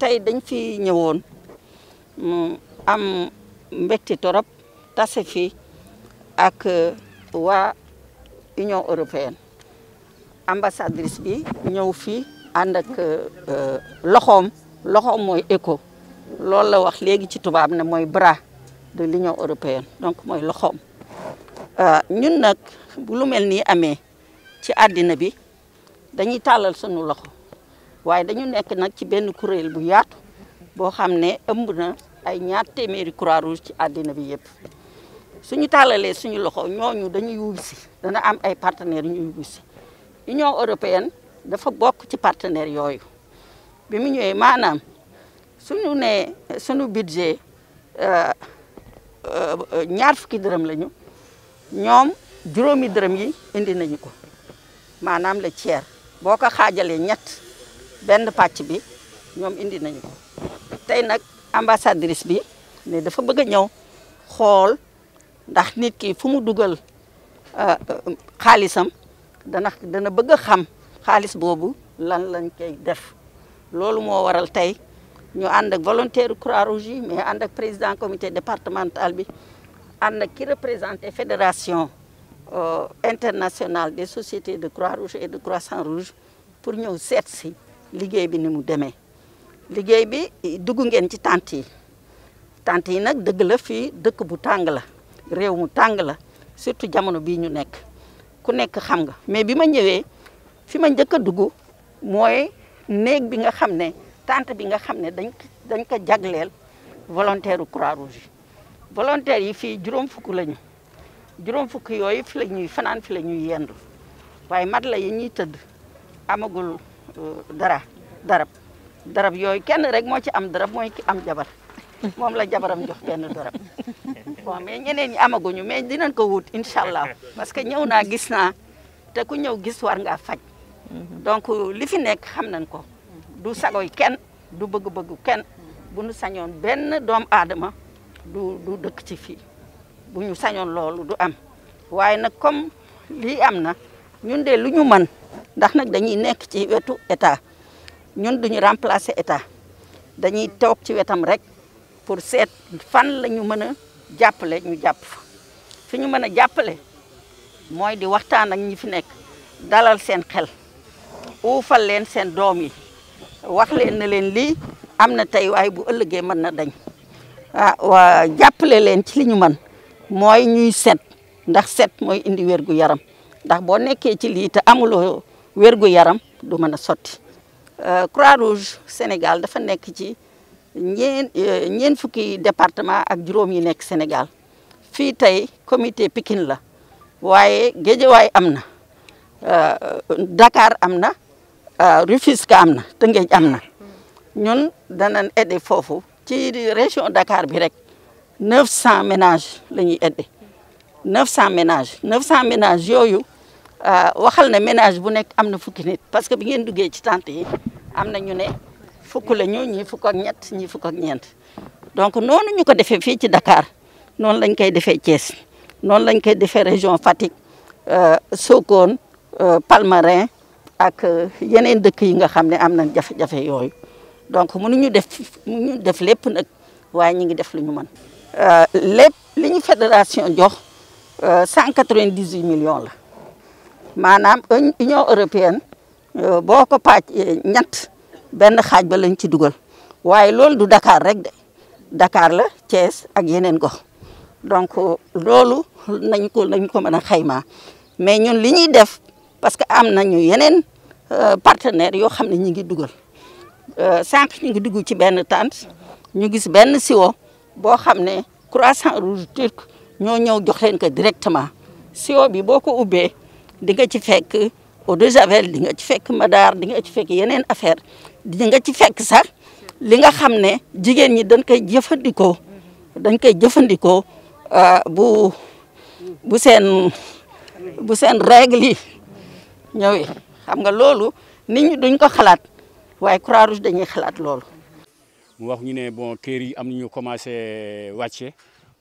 tey dañ fi ñëwoon mu am mbetti torop tase fi ak uh, waa Union européenne ambassadrice bi ñëw fi ànd ak uh, loxoom loxoom mooy ECHO loolu la wax léegi ci tubaab na mooy bras de l'Union européenne donc mooy loxoom uh, ñun nag bu lu mel nii amee ci àddina bi dañuy tàllal sunu loxo waaye dañu nekk nag ci benn kuréel bu yaatu boo xam ne ëmb na ay ñaar téeméeri croix rouge ci àddina bi yëpp suñu tàllalee suñu loxo ñooñu dañuy wuyu si dana am ay partenaires ñu wuyu si Union européenne dafa bokk ci partenaires yooyu bi mu ñëwee maanaam suñu nee suñu budget euh, euh, ñaar fukki dërëm lañu ñoom juróomi dërëm yi indi nañu ko maanaam le tiers boo ko xaajalee ñett. benn pàcc bi ñoom indi nañu tey nag ambassadrice bi ne dafa bëgg a ñëw xool ndax nit ki fu mu dugal euh, xaalisam dana dana bëgg a xam xaalis boobu lan lañ koy def loolu moo waral tey ñoo ànd ak volontaire Croix-Rouge mais ànd ak président comité départemental bi ànd ak ki représenté fédération euh, international des société de Croix-Rouge et de Croissant-Rouge pour ñëw seet si liggéey bi ni mu demee liggéey bi dugg ngeen ci tant yi tant yi nag dëgg la fii dëkk bu tàng la réew mu tàng la surtout jamono bii ñu nekk ku nekk xam nga mais bi ma ñëwee fi ma njëkk a dugg mooy néeg bi nga xam ne tant bi nga xam ne dañ dañ ko jagleel volontaire u croix yi volontaire yi fii juróom fukk lañu juróom fukk yooyu fi la ñuy fanaan fi la ñuy yendu waaye mat la yi ñuy tëdd dara darab darab yooyu kenn rek moo ci am darab mooy ki am jabar moom la jabaram jox benn darab bon mais ñeneen ñi amaguñu mais dinañ ko wut incha allah parce que ñëw naa gis naa te ku ñëw gis war ngaa faj donc li fi nekk xam nañ ko du sagoy kenn du bëgg-bëggu kenn bu ñu sañoon benn doom aadama du du dëkk ci fii bu ñu sañoon loolu du am waaye nag comme lii am na ñun de lu ñu man ndax nag dañuy nekk ci wetu état ñun duñu remplacer état dañuy toog ci wetam rek pour seet fan la ñu mën a jàppale ñu jàpp fa fi ñu mën a jàppale mooy di waxtaan ak ñi fi nekk dalal seen xel uufal leen seen doom yi wax leen na leen lii am na tey waaye bu ëllëgee mën na dañ ah jàppale leen ci li ñu mën mooy ñuy set ndax set mooy indi wér yaram ndax boo nekkee ci lii te amuloo wérgu yaram du mën a sotti euh, croix rouge sénégal dafa nekk ci euh, ñeen fukki département ak juróom yi nekk sénégal fii tey comité Pikine la waaye géejawaay am na euh, dakar am na Rufisque am na Tëngéej am na ñun danañ aider foofu ci région dakar bi rek neuf cent ménage la ñuy aider neuf cent ménages neuf cent ménages yooyu Euh, waxal ne ménage bu nekk am na fukki nit parce que bi ngeen duggee ci tente yi am na ñu ne fukk la ñu ñii fukk ak ñett ñii fukk ak ñeent donc noonu ñu ko defee fii ci dakaar noonu lañ koy defee Thiès noonu lañ koy defee région Fatick euh, Sokone euh, Palmarin ak yeneen dëkk yi nga xam ne am nañ jafe-jafe yooyu donc mënuñu def mënuñu def lépp nag waaye ñu ngi def lu ñu mën lépp li ñu fédération jox cent quatre-vingt-dix-huit million la maanaam union européenne euh, boo ko pàcc euh, ñett benn xaaj ba lañ ci dugal waaye loolu du Dakar rek de Dakar la Thiès ak yeneen gox donc euh, loolu nañ ko nañ ko mën a xaymaa mais ñun li ñuy def parce que am nañu yeneen partenaires yoo xam ne ñu ngi dugal sànq ñu ngi dugg ci benn tente ñu gis benn siwo boo xam ne Croissant Rouge Turc ñoo ñëw jox leen directement siwo bi boo ko ubbee di nga ci fekk au de javel di nga ci fekk madaar dinga nga ci fekk yeneen affaire di nga ci fekk sax li nga xam ne jigéen ñi dañ koy jëfandikoo dañ koy jëfandikoo ah, bu bu seen bu seen règle yi ñëwee xam nga loolu nit ñi duñ ko xalaat waaye Croix-Rouge dañuy xalaat loolu. mu wax ñu ne bon kër yi am ñu commencé wàcce.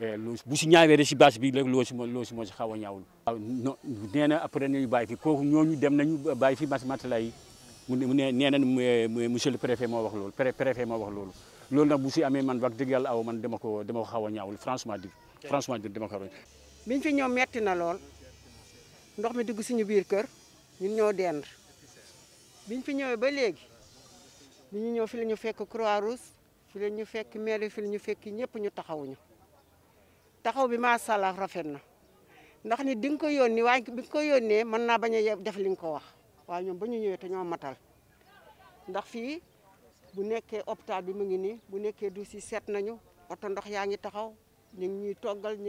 Eh, lu bu si ñaawee bi rek si moo si moo si xaw a ñaawul waaw non nee na après nañu bàyyi fi kooku ñooñu dem nañu bàyyi fi mas matala yi mu ne nee na monsieur moo wax loolu loolu nag bu si amee man wax dëgg aw man dama ko dama ko xaw a ñaawul franchement di franchement di dama a biñ fi ñëw metti na lool ndox mi dugg suñu biir kër ñun ñoo dend biñ fi ñëwee ba léegi bi ñu ñëw fi la ñu fekk croix fi la ñu fekk mairie fi la ñu fekk ñëpp ñu taxawuñu taxaw bi ma allah rafet na ndax ni ding ko yónnee bi ko yone man na baña def li nga ko wax wa ñom ba ñëwé ñëwee ñoo matal ndax fi bu nekké hôpital bi mu ngi ni bu nekké du ci sét nañu auto ndox yaangi taxaw ngi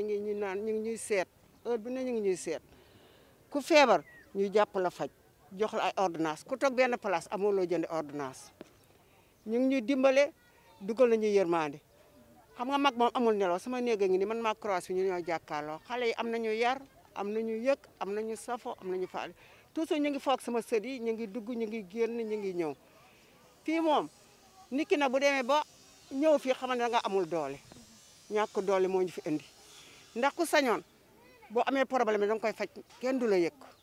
ñuy ñu naan ñuy sét heure bi ne ñu ngi ñuy sét ku fièvre ñu japp la faj jox la ay ordonnance ku tok ben place amoo loo jënd ordonnance ñu ngi ñuy nañu yermandé xam nga mag moom amul nelaw sama néeg a ngi ni man maa croise bi ñu ñoo jàkkaarloo xale yi am nañu yar am na ñu yëg am ñu safo am nañu faale toujours ñu ngi foog sama sët yi ñu ngi dugg ñu ngi génn ñu ngi ñëw fii moom nit ki nag bu demee ba ñëw fii xam ne da amul doole ñàkk doole moo ñu fi indi ndax ku sañoon boo amee problème da nga koy faj kenn du la yëg